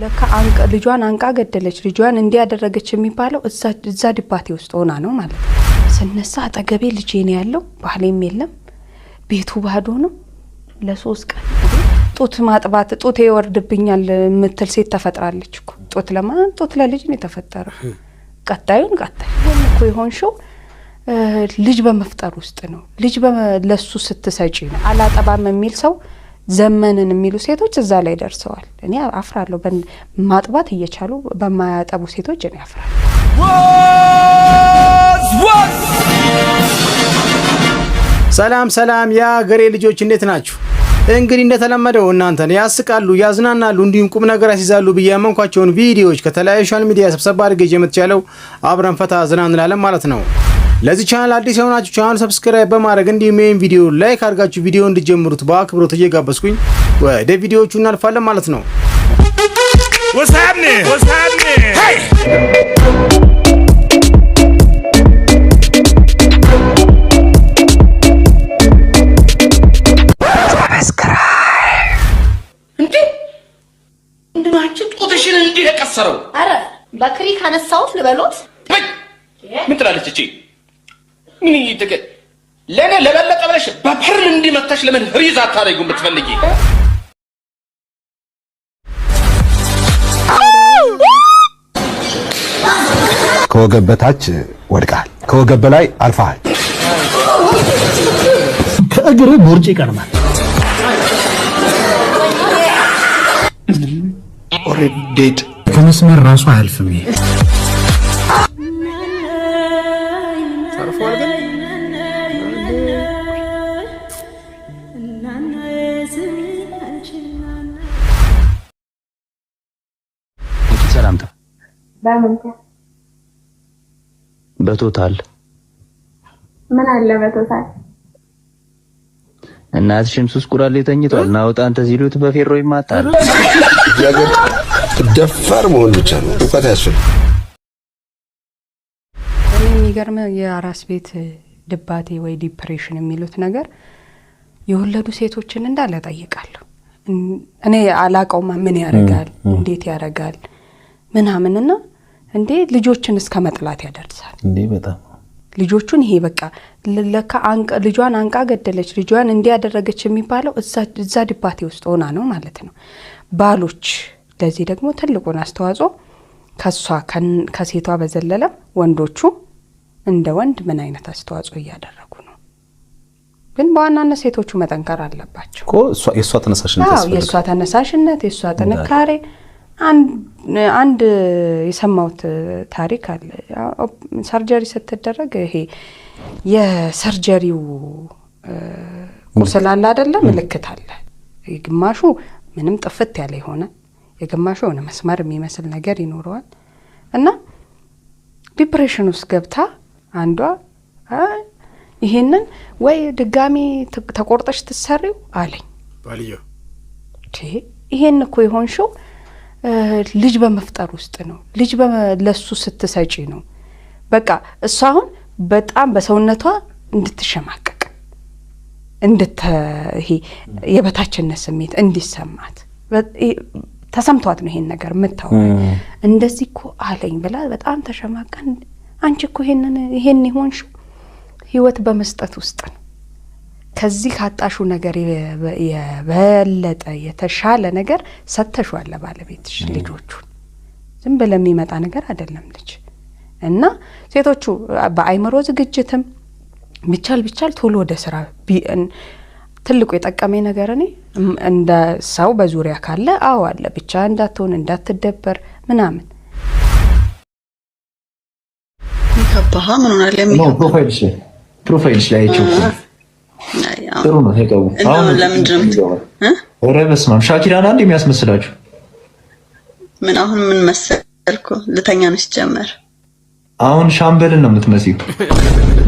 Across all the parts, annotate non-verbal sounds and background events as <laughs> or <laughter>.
ለካ ልጇን አንቃ ገደለች፣ ልጇን እንዲያደረገች የሚባለው እዛ ድባቴ ውስጥ ሆና ነው ማለት ነው። ስነሳ አጠገቤ ልጄ ነው ያለው፣ ባህሌም የለም፣ ቤቱ ባዶ ነው። ለሶስት ቀን ጡት ማጥባት ጡት ይወርድብኛል የምትል ሴት ተፈጥራለች እኮ። ጡት ለማን ጡት ለልጅ ነው የተፈጠረው። ቀጣዩን ቀጣይ እኮ የሆንሽው ልጅ በመፍጠር ውስጥ ነው። ልጅ ለሱ ስትሰጪ ነው። አላጠባም የሚል ሰው ዘመንን የሚሉ ሴቶች እዛ ላይ ደርሰዋል። እኔ አፍራለሁ። ማጥባት እየቻሉ በማያጠቡ ሴቶች እኔ አፍራለሁ። ሰላም ሰላም፣ የአገሬ ልጆች እንዴት ናችሁ? እንግዲህ እንደተለመደው እናንተን ያስቃሉ፣ ያዝናናሉ እንዲሁም ቁም ነገር ያስይዛሉ ብዬ ያመንኳቸውን ቪዲዮዎች ከተለያዩ ሶሻል ሚዲያ ሰብሰባ አድርጌ የምትቻለው አብረን ፈታ ዝናንላለን ማለት ነው። ለዚህ ቻናል አዲስ የሆናችሁ ቻናል ሰብስክራይብ በማድረግ እንዲሁም ይህን ቪዲዮ ላይክ አድርጋችሁ ቪዲዮ እንድጀምሩት በአክብሮት እየጋበዝኩኝ ወደ ቪዲዮዎቹ እናልፋለን ማለት ነው። ቁጥሽን እንዲህ የቀሰረው አረ በክሪ ካነሳሁት ልበሎት ምን ትላለች እቺ? ምን ይተከ ለኔ ለበለጠ ብለሽ በፐርል እንዲመታሽ ለምን ሪዝ አታደርጊው? የምትፈልጊ ከወገብ በታች ወድቃል፣ ከወገብ በላይ አልፋሃል። ከእግር ቦርጭ ይቀርማል። ኦሬዲ ዴት ከመስመር ራሱ አያልፍም። በቶታል ምን አለ በቶታል እናትሽም ሱስ ቁራል ተኝቷል። እና ወጣ አንተ ሲሉት በፌሮ ይማታል። ደፋር መሆን ብቻ ነው እውቀት ያስፈልግ። የሚገርም የአራስ ቤት ድባቴ ወይ ዲፕሬሽን የሚሉት ነገር የወለዱ ሴቶችን እንዳለ ጠይቃለሁ። እኔ አላቀውማ ምን ያረጋል እንዴት ያረጋል ምናምን እና እንዴ ልጆችን እስከ መጥላት ያደርሳል። እንዴ በጣም ልጆቹን ይሄ በቃ ለካ ልጇን አንቃ ገደለች፣ ልጇን እንዲህ ያደረገች የሚባለው እዛ ድባቴ ውስጥ ሆና ነው ማለት ነው። ባሎች ለዚህ ደግሞ ትልቁን አስተዋጽኦ ከሷ ከሴቷ በዘለለ ወንዶቹ እንደ ወንድ ምን አይነት አስተዋጽኦ እያደረጉ ነው? ግን በዋናነት ሴቶቹ መጠንከር አለባቸው። የእሷ ተነሳሽነት የእሷ ተነሳሽነት የእሷ ጥንካሬ አንድ የሰማሁት ታሪክ አለ። ሰርጀሪ ስትደረግ ይሄ የሰርጀሪው ቁስል አለ ምልክት አለ። የግማሹ ምንም ጥፍት ያለ የሆነ የግማሹ የሆነ መስመር የሚመስል ነገር ይኖረዋል። እና ዲፕሬሽን ውስጥ ገብታ አንዷ ይሄንን ወይ ድጋሚ ተቆርጠሽ ትሰሪው አለኝ። ይሄን እኮ የሆንሽው ልጅ በመፍጠር ውስጥ ነው። ልጅ ለሱ ስትሰጪ ነው። በቃ እሷ አሁን በጣም በሰውነቷ እንድትሸማቀቅ እንድተ ይሄ የበታችነት ስሜት እንዲሰማት ተሰምቷት ነው ይሄን ነገር የምታወራ። እንደዚህ እኮ አለኝ ብላ በጣም ተሸማቀን። አንቺ እኮ ይሄንን ይሄን የሆንሽው ህይወት በመስጠት ውስጥ ነው ከዚህ ካጣሹ ነገር የበለጠ የተሻለ ነገር ሰተሿለ ለባለቤትሽ ልጆቹን። ዝም ብለ የሚመጣ ነገር አይደለም ልጅ እና ሴቶቹ በአይምሮ ዝግጅትም ቢቻል ቢቻል ቶሎ ወደ ስራ ትልቁ የጠቀመኝ ነገር እኔ እንደ ሰው በዙሪያ ካለ አዎ አለ ብቻ እንዳትሆን እንዳትደበር ምናምን ከባህ ምን ፕሮፋይልሽ ላይ ጥሩ ነው ተቀቡ። አሁን ለምንድን ነው ኧረ በስመ አብ ሻኪራን አንድ የሚያስመስላችሁ ምን? አሁን ምን መሰልኩ ልተኛ ነው ሲጀመር። አሁን ሻምበልን ነው የምትመሲው። <laughs>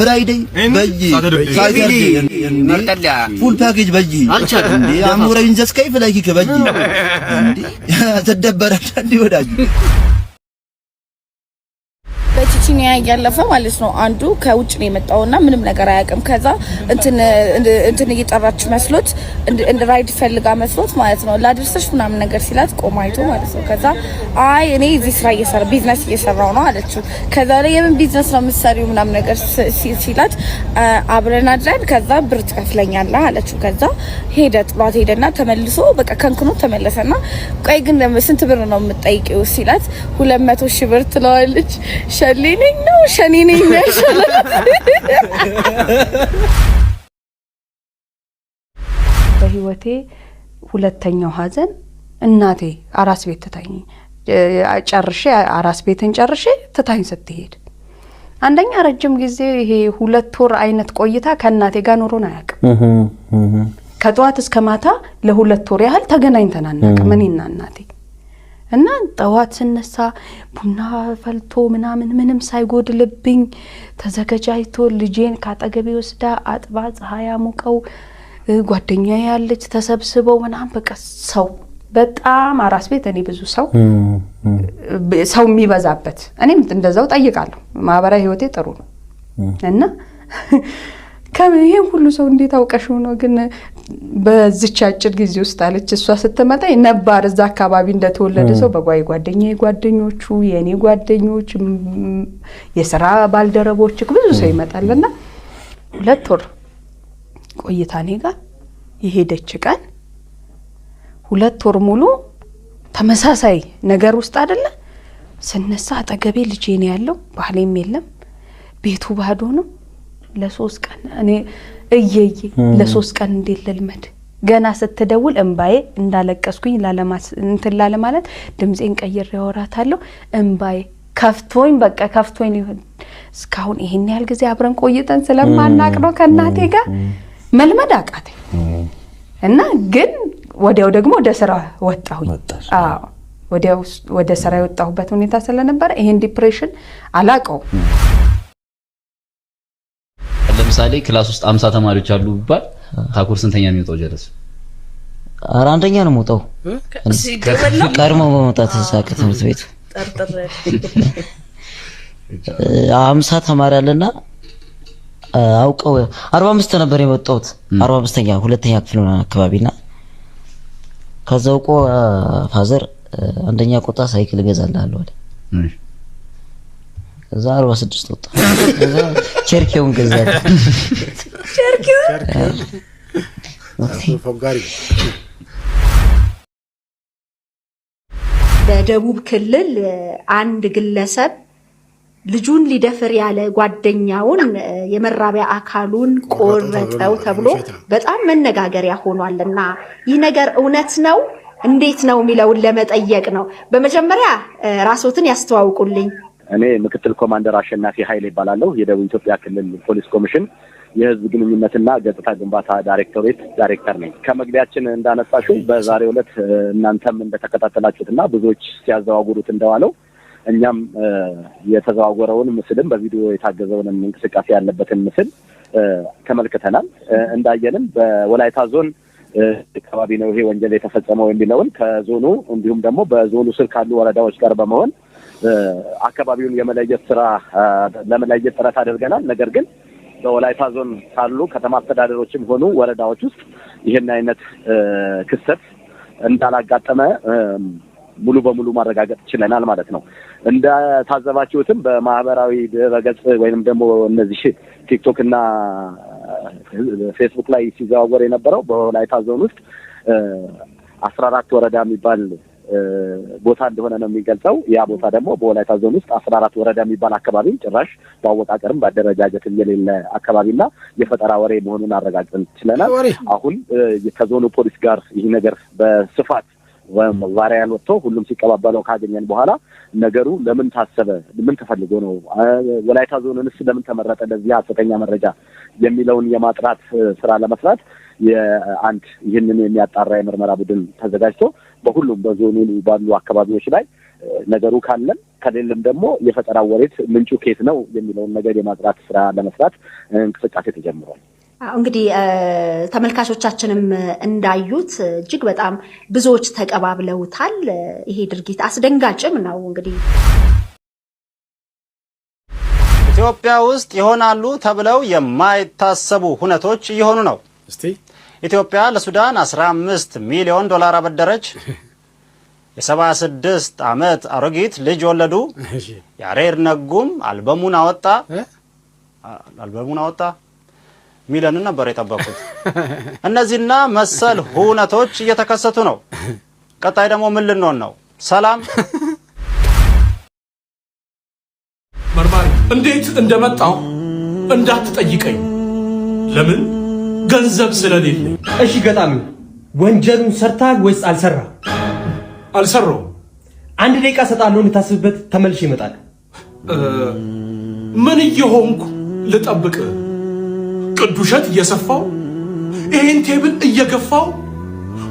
ፍራይዴይ በይ ፉል ፓኬጅ በይ እንዴ አሞረ ቢንዘስከይ ፍላኪ ከበይ እንዴ ተደበረ <laughs> እንዴ ወዳጅ ኬንያ እያለፈ ማለት ነው። አንዱ ከውጭ ነው የመጣውና ምንም ነገር አያውቅም። ከዛ እንትን እንትን እየጠራች መስሎት እንደ ራይድ ፈልጋ መስሎት ማለት ነው ላድርሰሽ ምናምን ነገር ሲላት ቆማ አይቶ ማለት ነው። ከዛ አይ እኔ እዚህ ስራ እየሰራ ቢዝነስ እየሰራው ነው አለችው። ከዛ ላይ የምን ቢዝነስ ነው የምትሰሪው ምናምን ነገር ሲላት አብረን አድረን ከዛ ብር ትከፍለኛለህ አለችው። ከዛ ሄደ ጥሏት ሄደና ተመልሶ በቃ ከንክኖ ተመለሰና ቆይ ግን ስንት ብር ነው የምትጠይቂው ሲላት ሁለት መቶ ሺህ ብር ትለዋለች ሸሌን ነኝ ነው ሸኔ ነኝ የሚያሻላት በህይወቴ ሁለተኛው ሀዘን እናቴ አራስ ቤት ትታኝ ጨርሼ አራስ ቤትን ጨርሼ ትታኝ ስትሄድ አንደኛ ረጅም ጊዜ ይሄ ሁለት ወር አይነት ቆይታ ከእናቴ ጋር ኑሮን አያውቅም። ከጠዋት እስከ ማታ ለሁለት ወር ያህል ተገናኝተን አናውቅም እኔና እናቴ እና ጠዋት ስነሳ ቡና ፈልቶ ምናምን ምንም ሳይጎድልብኝ ተዘገጃጅቶ ልጄን ካጠገቤ ወስዳ አጥባ ፀሐይ አሙቀው ጓደኛ ያለች ተሰብስበው ምናምን በቃ ሰው በጣም አራስ ቤት እኔ ብዙ ሰው ሰው የሚበዛበት እኔም እንደዛው ጠይቃለሁ። ማህበራዊ ህይወቴ ጥሩ ነው እና <laughs> ይሄን ሁሉ ሰው እንዴት አውቀሽው ነው ግን በዚች አጭር ጊዜ ውስጥ አለች እሷ ስትመጣ ነባር እዛ አካባቢ እንደተወለደ ሰው በጓይ ጓደኛ ጓደኞቹ የእኔ ጓደኞች የስራ ባልደረቦች ብዙ ሰው ይመጣልና ሁለት ወር ቆይታ እኔ ጋር የሄደች ቀን ሁለት ወር ሙሉ ተመሳሳይ ነገር ውስጥ አደለ ስነሳ አጠገቤ ልጄ ነው ያለው ባህሌም የለም ቤቱ ባዶ ነው ለሶስት ቀን እኔ እየዬ ለሶስት ቀን እንዴት ልልመድ? ገና ስትደውል እምባዬ እንዳለቀስኩኝ እንትን ማለት ድምፄን ቀይሬ አወራታለሁ። እምባዬ ከፍቶኝ በቃ ከፍቶኝ ሊሆን እስካሁን ይሄን ያህል ጊዜ አብረን ቆይተን ስለማናቅ ነው ከእናቴ ጋር መልመድ አቃተኝ እና ግን ወዲያው ደግሞ ወደ ስራ ወጣሁኝ። ወዲያው ወደ ስራ የወጣሁበት ሁኔታ ስለነበረ ይሄን ዲፕሬሽን አላቀውም። ለምሳሌ ክላስ ውስጥ አምሳ ተማሪዎች አሉ ቢባል ታኩር ስንተኛ ነው የሚወጣው? ጀለስ ኧረ አንደኛ ነው የምወጣው። ቀድሞ በመውጣት እዛ ከትምህርት ቤቱ አምሳ ተማሪ አለና አውቀው አርባ አምስት ነበር የመጣሁት አርባ አምስተኛ ሁለተኛ ክፍል ምናምን አካባቢና ከዛ አውቆ ፋዘር አንደኛ ቆጣ ሳይክል እገዛልሃለሁ አለ። ከዛ አርባ ስድስት ወጣ። ቸርኬውን ገዛ። <laughs> <laughs> e በደቡብ ክልል አንድ ግለሰብ ልጁን ሊደፍር ያለ ጓደኛውን የመራቢያ አካሉን ቆረጠው ተብሎ በጣም መነጋገሪያ ሆኗል እና ይህ ነገር እውነት ነው እንዴት ነው የሚለውን ለመጠየቅ ነው። በመጀመሪያ ራስዎትን ያስተዋውቁልኝ። እኔ ምክትል ኮማንደር አሸናፊ ኃይል ይባላለሁ። የደቡብ ኢትዮጵያ ክልል ፖሊስ ኮሚሽን የህዝብ ግንኙነትና ገጽታ ግንባታ ዳይሬክቶሬት ዳይሬክተር ነኝ። ከመግቢያችን እንዳነሳሹ በዛሬው ዕለት እናንተም እንደተከታተላችሁትና ብዙዎች ሲያዘዋውሩት እንደዋለው እኛም የተዘዋወረውን ምስልም በቪዲዮ የታገዘውንም እንቅስቃሴ ያለበትን ምስል ተመልክተናል። እንዳየንም በወላይታ ዞን አካባቢ ነው ይሄ ወንጀል የተፈጸመው የሚለውን ከዞኑ እንዲሁም ደግሞ በዞኑ ስር ካሉ ወረዳዎች ጋር በመሆን አካባቢውን የመለየት ስራ ለመለየት ጥረት አድርገናል። ነገር ግን በወላይታ ዞን ካሉ ከተማ አስተዳደሮችም ሆኑ ወረዳዎች ውስጥ ይህን አይነት ክስተት እንዳላጋጠመ ሙሉ በሙሉ ማረጋገጥ ችለናል ማለት ነው። እንደታዘባችሁትም በማህበራዊ ድረገጽ ወይንም ደግሞ እነዚህ ቲክቶክ እና ፌስቡክ ላይ ሲዘዋወር የነበረው በወላይታ ዞን ውስጥ አስራ አራት ወረዳ የሚባል ቦታ እንደሆነ ነው የሚገልጸው። ያ ቦታ ደግሞ በወላይታ ዞን ውስጥ አስራ አራት ወረዳ የሚባል አካባቢ ጭራሽ በአወቃቀርም በአደረጃጀትም የሌለ አካባቢና የፈጠራ ወሬ መሆኑን አረጋግጠን ችለናል። አሁን ከዞኑ ፖሊስ ጋር ይህ ነገር በስፋት ቫሪያን ወጥቶ ሁሉም ሲቀባበለው ካገኘን በኋላ ነገሩ ለምን ታሰበ፣ ምን ተፈልጎ ነው፣ ወላይታ ዞንንስ ለምን ተመረጠ፣ ለዚህ ሀሰተኛ መረጃ የሚለውን የማጥራት ስራ ለመስራት የአንድ ይህንን የሚያጣራ የምርመራ ቡድን ተዘጋጅቶ በሁሉም በዞኑ ባሉ አካባቢዎች ላይ ነገሩ ካለም ከሌለም ደግሞ የፈጠራ ወሬት ምንጩ ኬት ነው የሚለውን ነገር የማጥራት ስራ ለመስራት እንቅስቃሴ ተጀምሯል። እንግዲህ ተመልካቾቻችንም እንዳዩት እጅግ በጣም ብዙዎች ተቀባብለውታል። ይሄ ድርጊት አስደንጋጭም ነው። እንግዲህ ኢትዮጵያ ውስጥ ይሆናሉ ተብለው የማይታሰቡ ሁነቶች እየሆኑ ነው። እስቲ ኢትዮጵያ ለሱዳን 15 ሚሊዮን ዶላር አበደረች። <laughs> የ76 ዓመት አሮጊት ልጅ ወለዱ። ያሬድ ነጉም አልበሙን አወጣ አልበሙን አወጣ። ሚለንን ነበር የጠበቁት። <laughs> እነዚህና መሰል ሁነቶች እየተከሰቱ ነው። ቀጣይ ደግሞ ምን ልንሆን ነው? ሰላም መርማሪ እንዴት እንደመጣው እንዳትጠይቀኝ ለምን ገንዘብ ስለሌለ። እሺ ገጣሚው ወንጀሉን ሰርታ ወይስ አልሰራ? አልሰራውም። አንድ ደቂቃ ሰጣለሁ እንድታስብበት፣ ተመልሽ ይመጣል ምን እየሆንኩ ልጠብቅ? ቅዱሸት እየሰፋው ይሄን ቴብል እየገፋው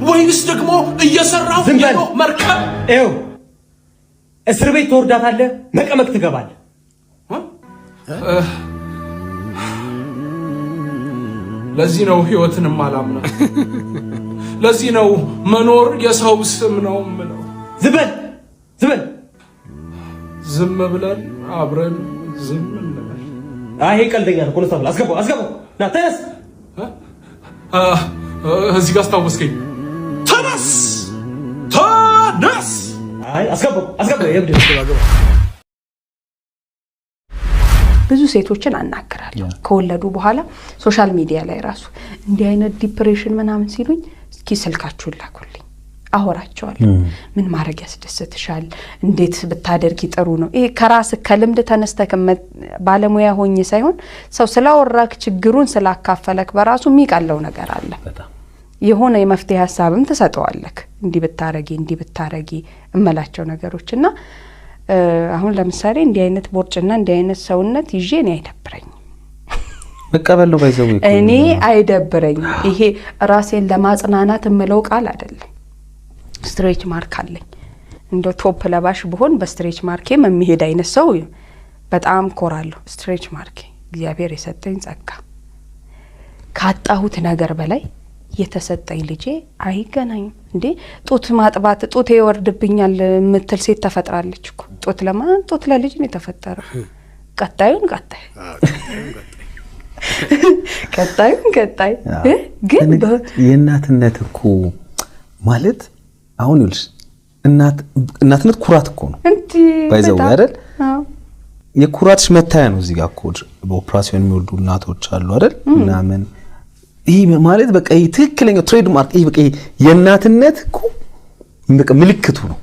ወይንስ ደግሞ እየሰራው ነው መርከብ? ይኸው እስር ቤት ትወርዳታለህ፣ መቀመቅ ትገባለህ። ለዚህ ነው ህይወትንም አላምናት። ለዚህ ነው መኖር የሰው ስም ነው ምለው። ዝበል ዝበል ዝም ብለን አብረን ዝም እንበል። አይ ቀልደኛ ነው። ኮንስታብል አስገባው አስገባው። ና ተነስ። እዚህ ጋር አስታወስከኝ። ተነስ ተነስ። አይ አስገባው አስገባው። ይብድ ብዙ ሴቶችን አናግራለሁ። ከወለዱ በኋላ ሶሻል ሚዲያ ላይ ራሱ እንዲህ አይነት ዲፕሬሽን ምናምን ሲሉኝ እስኪ ስልካችሁን ላኩልኝ አወራቸዋለሁ። ምን ማድረግ ያስደስትሻል? እንዴት ብታደርጊ ጥሩ ነው? ይሄ ከራስ ከልምድ ተነስተህ ባለሙያ ሆኜ ሳይሆን ሰው ስላወራክ ችግሩን ስላካፈለክ በራሱ የሚቀለው ነገር አለ። የሆነ የመፍትሄ ሀሳብም ትሰጠዋለክ። እንዲህ ብታረጊ እንዲህ ብታረጊ እመላቸው ነገሮች እና አሁን ለምሳሌ እንዲህ አይነት ቦርጭና እንዲህ አይነት ሰውነት ይዤ እኔ አይደብረኝም። መቀበል ነው ባይዘው እኔ አይደብረኝም። ይሄ ራሴን ለማጽናናት የምለው ቃል አይደለም። ስትሬች ማርክ አለኝ። እንደ ቶፕ ለባሽ ብሆን በስትሬች ማርኬ የሚሄድ አይነት ሰው በጣም ኮራለሁ። ስትሬች ማርኬ እግዚአብሔር የሰጠኝ ጸጋ ካጣሁት ነገር በላይ የተሰጠኝ ልጄ አይገናኝም እንዴ? ጡት ማጥባት ጡቴ ይወርድብኛል የምትል ሴት ተፈጥራለች እኮ። ጡት ለማን ጡት ለልጅ ነው የተፈጠረው። ቀጣዩን ቀጣይ ቀጣዩን ቀጣይ <laughs> ግን የእናትነት እኮ ማለት አሁን ይልስ እናትነት ኩራት እኮ ነው ባይዘው አይደል? የኩራትሽ መታያ ነው። እዚህ ጋር እኮ በኦፕራሲዮን የሚወልዱ እናቶች አሉ አይደል ምናምን ይህ ማለት በቃ ይህ ትክክለኛው ትሬድማርክ ይህ በቃ የእናትነት በቃ ምልክቱ ነው።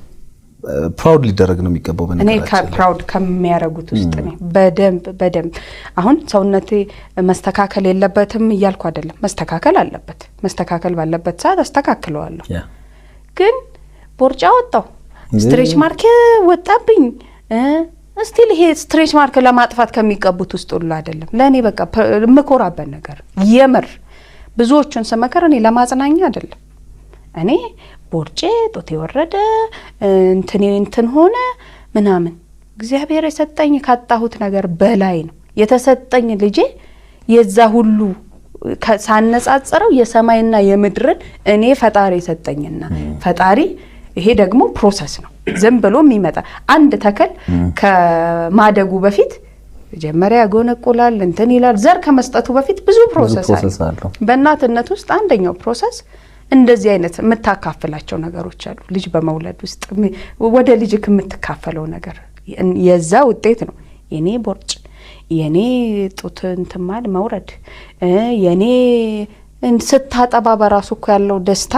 ፕራውድ ሊደረግ ነው የሚገባው። እኔ ፕራውድ ከሚያደርጉት ውስጥ ነኝ። በደንብ በደንብ አሁን ሰውነቴ መስተካከል የለበትም እያልኩ አይደለም። መስተካከል አለበት። መስተካከል ባለበት ሰዓት አስተካክለዋለሁ። ግን ቦርጫ ወጣው፣ ስትሬች ማርክ ወጣብኝ እስቲል ይሄ ስትሬች ማርክ ለማጥፋት ከሚቀቡት ውስጥ ሁሉ አይደለም። ለእኔ በቃ የምኮራበት ነገር የምር ብዙዎቹን ስመከር እኔ ለማጽናኛ አይደለም። እኔ ቦርጬ ጦት የወረደ እንትኔ እንትን ሆነ ምናምን እግዚአብሔር የሰጠኝ ካጣሁት ነገር በላይ ነው የተሰጠኝ ልጄ የዛ ሁሉ ሳነጻጸረው የሰማይና የምድርን እኔ ፈጣሪ የሰጠኝና ፈጣሪ ይሄ ደግሞ ፕሮሰስ ነው። ዝም ብሎ የሚመጣ አንድ ተክል ከማደጉ በፊት መጀመሪያ ያጎነቁላል እንትን ይላል። ዘር ከመስጠቱ በፊት ብዙ ፕሮሰስ አለ። በእናትነት ውስጥ አንደኛው ፕሮሰስ እንደዚህ አይነት የምታካፍላቸው ነገሮች አሉ። ልጅ በመውለድ ውስጥ ወደ ልጅክ የምትካፈለው ነገር የዛ ውጤት ነው። የኔ ቦርጭ፣ የኔ ጡት መውረድ፣ የኔ ስታጠባ በራሱ እኮ ያለው ደስታ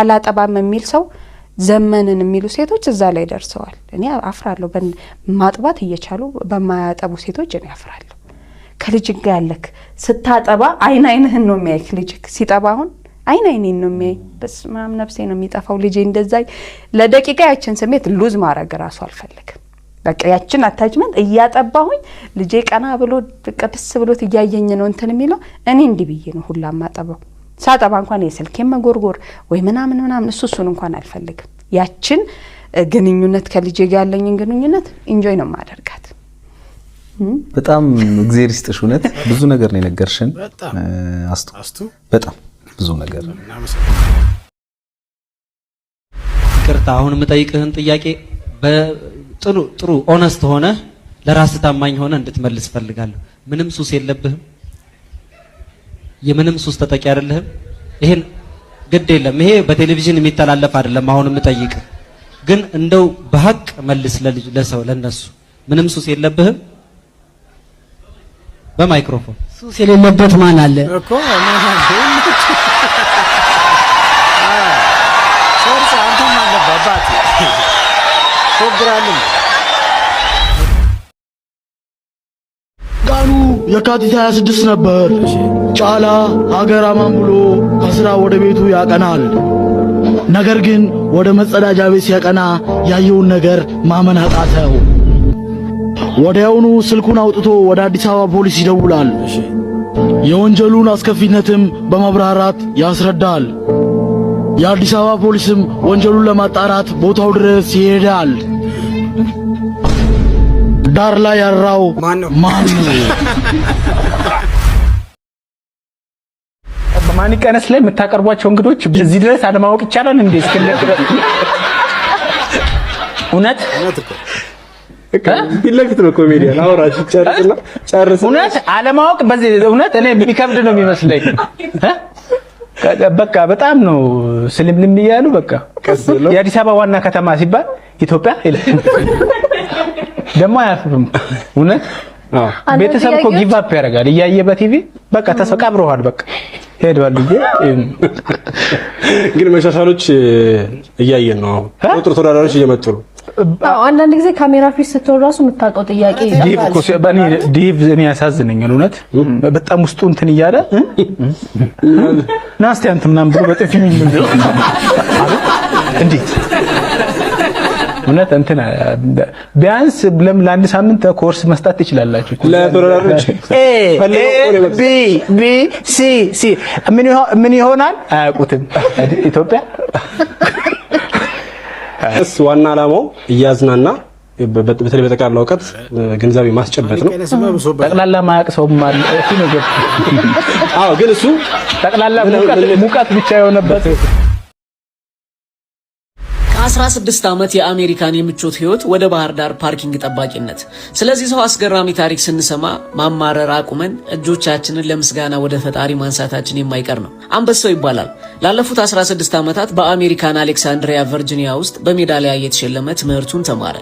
አላጠባም የሚል ሰው ዘመንን የሚሉ ሴቶች እዛ ላይ ደርሰዋል። እኔ አፍራለሁ። ማጥባት እየቻሉ በማያጠቡ ሴቶች እኔ አፍራለሁ። ከልጅ ጋ ያለክ ስታጠባ አይን አይንህን ነው የሚያይክ። ልጅ ሲጠባ አሁን አይን አይኔን ነው የሚያይ። በስመ አብ ነፍሴ ነው የሚጠፋው ልጄ። እንደዛ ለደቂቃ ያችን ስሜት ሉዝ ማድረግ ራሱ አልፈልግም። በቃ ያችን አታችመንት እያጠባሁኝ ልጄ ቀና ብሎ ቅድስ ብሎት እያየኝ ነው እንትን የሚለው እኔ እንዲህ ብዬ ነው ሁላ ማጠበው ሳጠባ እንኳን የስልኬን መጎርጎር ወይ ምናምን ምናምን እሱ እሱን እንኳን አልፈልግም። ያችን ግንኙነት ከልጄ ጋር ያለኝን ግንኙነት ኢንጆይ ነው ማደርጋት። በጣም እግዜር ይስጥሽ። እውነት ብዙ ነገር ነው የነገርሽን አስቱ፣ በጣም ብዙ ነገር ቅርታ። አሁን የምጠይቅህን ጥያቄ ጥሩ ኦነስት ሆነ ለራስ ታማኝ ሆነ እንድትመልስ ፈልጋለሁ። ምንም ሱስ የለብህም። የምንም ሱስ ተጠቂ አይደለህም። ይሄን ግድ የለም ይሄ በቴሌቪዥን የሚተላለፍ አይደለም። አሁን የምጠይቅ ግን እንደው በሀቅ መልስ ለልጅ ለሰው ለነሱ ምንም ሱስ የለብህም። በማይክሮፎን ሱስ የሌለበት ማን አለ እኮ ሶርስ አንተም አለባባት ሶብራንም የካቲት 26 ነበር ጫላ ሀገር አማን ብሎ ከስራ ወደ ቤቱ ያቀናል። ነገር ግን ወደ መጸዳጃ ቤት ሲያቀና ያየውን ነገር ማመን አቃተው። ወዲያውኑ ስልኩን አውጥቶ ወደ አዲስ አበባ ፖሊስ ይደውላል። የወንጀሉን አስከፊነትም በማብራራት ያስረዳል። የአዲስ አበባ ፖሊስም ወንጀሉን ለማጣራት ቦታው ድረስ ይሄዳል። ዳር ላይ ያራው ማን ነው? በማኒቀነስ ላይ የምታቀርቧቸው እንግዶች እዚህ ድረስ አለማወቅ ይቻላል እንዴ? እስከነ እውነት ፊት ለፊት ነው ኮሜዲያን አውራሽ ጨርስና ጨርስ። እውነት አለማወቅ በዚህ እውነት እኔ የሚከብድ ነው የሚመስለኝ። በቃ በጣም ነው ስልምልም እያሉ በቃ የአዲስ አበባ ዋና ከተማ ሲባል ኢትዮጵያ ይላል። ደግሞ አያፍርም። እውነት ቤተሰብ እኮ ጊቭ አፕ ያደርጋል እያየ በቲቪ በቃ ተስፋ ቀብረዋል። በቃ ሄዷል። ግን መሻሻሎች እያየን ነው። ቁጥር ተወዳዳሪዎች እየመጡ ነው። አንዳንድ ጊዜ ካሜራ ፊት ስትሆን ራሱ የምታውቀው ጥያቄ ዲቭ እኔ ያሳዝነኛል። እውነት በጣም ውስጡ እንትን እያለ ናስቲ አንተ ምናምን ብሎ በጥፊ እንዴት እውነት እንትን ቢያንስ ለአንድ ሳምንት ኮርስ መስጠት ትችላላችሁ። ምን ይሆናል አያውቁትም። <laughs> ኢትዮጵያ እሱ ዋና ዓላማው እያዝናና በተለይ በጠቅላላ እውቀት ግንዛቤ ማስጨበጥ ነው። ጠቅላላ ማያቅ ሰውም አለ። ነው። ነገር አዎ፣ ግን እሱ ጠቅላላ ሙቀት ብቻ የሆነበት የ16 ዓመት የአሜሪካን የምቾት ህይወት ወደ ባህር ዳር ፓርኪንግ ጠባቂነት። ስለዚህ ሰው አስገራሚ ታሪክ ስንሰማ ማማረር አቁመን እጆቻችንን ለምስጋና ወደ ፈጣሪ ማንሳታችን የማይቀር ነው። አንበሳው ይባላል። ላለፉት 16 ዓመታት በአሜሪካን አሌክሳንድሪያ ቨርጂኒያ ውስጥ በሜዳሊያ እየተሸለመ ትምህርቱን ተማረ።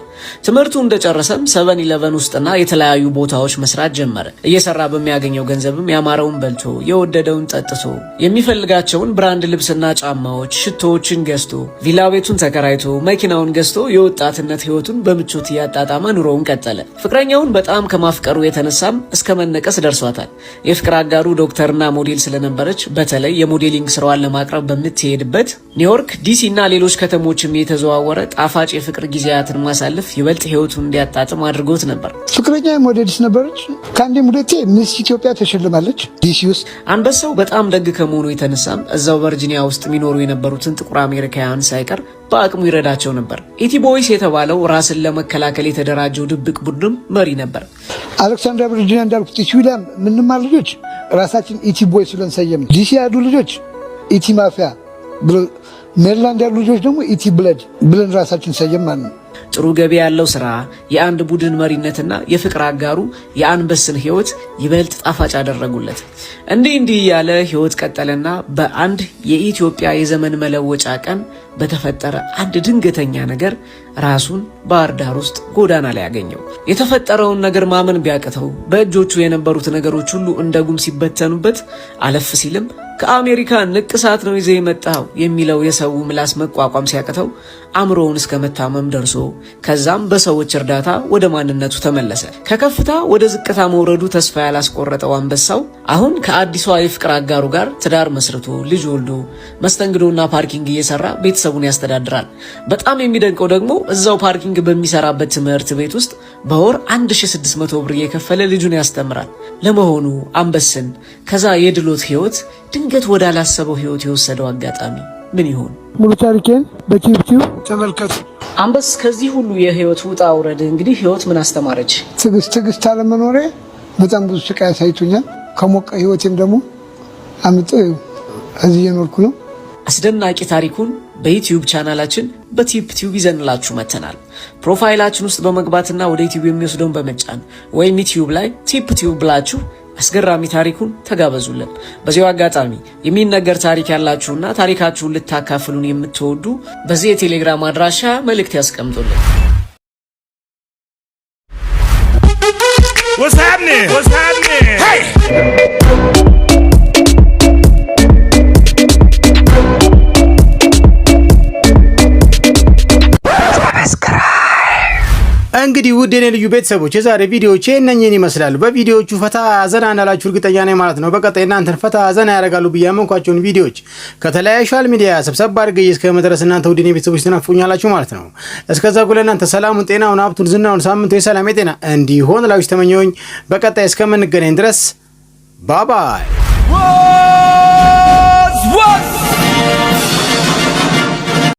ትምህርቱ እንደጨረሰም 7ኢለቨን ውስጥና የተለያዩ ቦታዎች መስራት ጀመረ። እየሰራ በሚያገኘው ገንዘብም ያማረውን በልቶ የወደደውን ጠጥቶ የሚፈልጋቸውን ብራንድ ልብስና ጫማዎች፣ ሽቶዎችን ገዝቶ ቪላ ቤቱን ተከራይ ተከራይቶ መኪናውን ገዝቶ የወጣትነት ህይወቱን በምቾት እያጣጣመ ኑሮውን ቀጠለ። ፍቅረኛውን በጣም ከማፍቀሩ የተነሳም እስከ መነቀስ ደርሷታል። የፍቅር አጋሩ ዶክተርና ሞዴል ስለነበረች በተለይ የሞዴሊንግ ስራዋን ለማቅረብ በምትሄድበት ኒውዮርክ፣ ዲሲ እና ሌሎች ከተሞችም የተዘዋወረ ጣፋጭ የፍቅር ጊዜያትን ማሳለፍ ይበልጥ ህይወቱን እንዲያጣጥም አድርጎት ነበር። ፍቅረኛ ሞዴልስ ነበረች። ከአንዴም ሁለቴ ሚስ ኢትዮጵያ ተሸልማለች ዲሲ ውስጥ። አንበሳው በጣም ደግ ከመሆኑ የተነሳም እዛው ቨርጂኒያ ውስጥ የሚኖሩ የነበሩትን ጥቁር አሜሪካውያን ሳይቀር በአቅሙ ይረዳቸው ነበር። ኢቲቦይስ የተባለው ራስን ለመከላከል የተደራጀው ድብቅ ቡድንም መሪ ነበር። አሌክሳንድር ቨርጂኒያ እንዳልኩት ኢቲዊላም ምንማ ልጆች ራሳችን ኢቲ ቦይስ ብለን ሰየም። ዲሲ ያሉ ልጆች ኢቲ ማፊያ፣ ሜሪላንድ ያሉ ልጆች ደግሞ ኢቲ ብለድ ብለን ራሳችን ሰየም ማለት ነው። ጥሩ ገቢ ያለው ስራ፣ የአንድ ቡድን መሪነትና የፍቅር አጋሩ የአንበስን ህይወት ይበልጥ ጣፋጭ አደረጉለት። እንዲህ እንዲህ እያለ ህይወት ቀጠለና በአንድ የኢትዮጵያ የዘመን መለወጫ ቀን በተፈጠረ አንድ ድንገተኛ ነገር ራሱን ባህር ዳር ውስጥ ጎዳና ላይ ያገኘው። የተፈጠረውን ነገር ማመን ቢያቅተው በእጆቹ የነበሩት ነገሮች ሁሉ እንደ ጉም ሲበተኑበት፣ አለፍ ሲልም ከአሜሪካ ንቅሳት ነው ይዘ የመጣው የሚለው የሰው ምላስ መቋቋም ሲያቅተው አእምሮውን እስከ መታመም ደርሶ ከዛም በሰዎች እርዳታ ወደ ማንነቱ ተመለሰ። ከከፍታ ወደ ዝቅታ መውረዱ ተስፋ ያላስቆረጠው አንበሳው አሁን ከአዲሷ የፍቅር አጋሩ ጋር ትዳር መስርቶ ልጅ ወልዶ መስተንግዶና ፓርኪንግ እየሰራ ቤተሰቡን ያስተዳድራል። በጣም የሚደንቀው ደግሞ እዛው ፓርኪንግ በሚሰራበት ትምህርት ቤት ውስጥ በወር 1600 ብር እየከፈለ ልጁን ያስተምራል። ለመሆኑ አንበስን ከዛ የድሎት ህይወት ድንገት ወዳላሰበው ህይወት የወሰደው አጋጣሚ ምን ይሆን? ሙሉ ታሪኬን በቲዩብቲዩብ ተመልከቱ። አንበስ፣ ከዚህ ሁሉ የህይወት ውጣ ውረድ እንግዲህ ህይወት ምን አስተማረች? ትግስት። ትግስት አለመኖሬ በጣም ብዙ ስቃይ አሳይቶኛል። ከሞቀ ህይወቴም ደግሞ አምጥ እዚህ እየኖርኩ ነው። አስደናቂ ታሪኩን በዩትዩብ ቻናላችን ቲዩብ ይዘንላችሁ መተናል። ፕሮፋይላችን ውስጥ በመግባትና ወደ ዩትዩብ የሚወስደውን በመጫን ወይም ዩትዩብ ላይ ቲፕ ቲዩብ ብላችሁ አስገራሚ ታሪኩን ተጋበዙልን። በዚያው አጋጣሚ የሚነገር ታሪክ ያላችሁና ታሪካችሁን ልታካፍሉን የምትወዱ በዚህ የቴሌግራም አድራሻ መልእክት ያስቀምጡልን። What's happening? What's happening? Hey! እንግዲህ ውድ የኔ ልዩ ቤተሰቦች የዛሬ ቪዲዮዎች እነኝን ይመስላሉ። በቪዲዮቹ ፈታ ዘና እንዳላችሁ እርግጠኛ ነኝ ማለት ነው። በቀጣይ እናንተን ፈታ ዘና ያደርጋሉ ብዬ ያመንኳቸውን ቪዲዮዎች ከተለያዩ ሶሻል ሚዲያ ሰብሰብ አድርገ እስከ መድረስ እናንተ ውድ የኔ ቤተሰቦች ትናፍቁኛላችሁ ማለት ነው። እስከዛ ጉለ እናንተ ሰላሙን፣ ጤናውን፣ ሀብቱን፣ ዝናውን ሳምንቱ የሰላም የጤና እንዲሆን ላችሁ ተመኘውኝ። በቀጣይ እስከምንገናኝ ድረስ ባባይ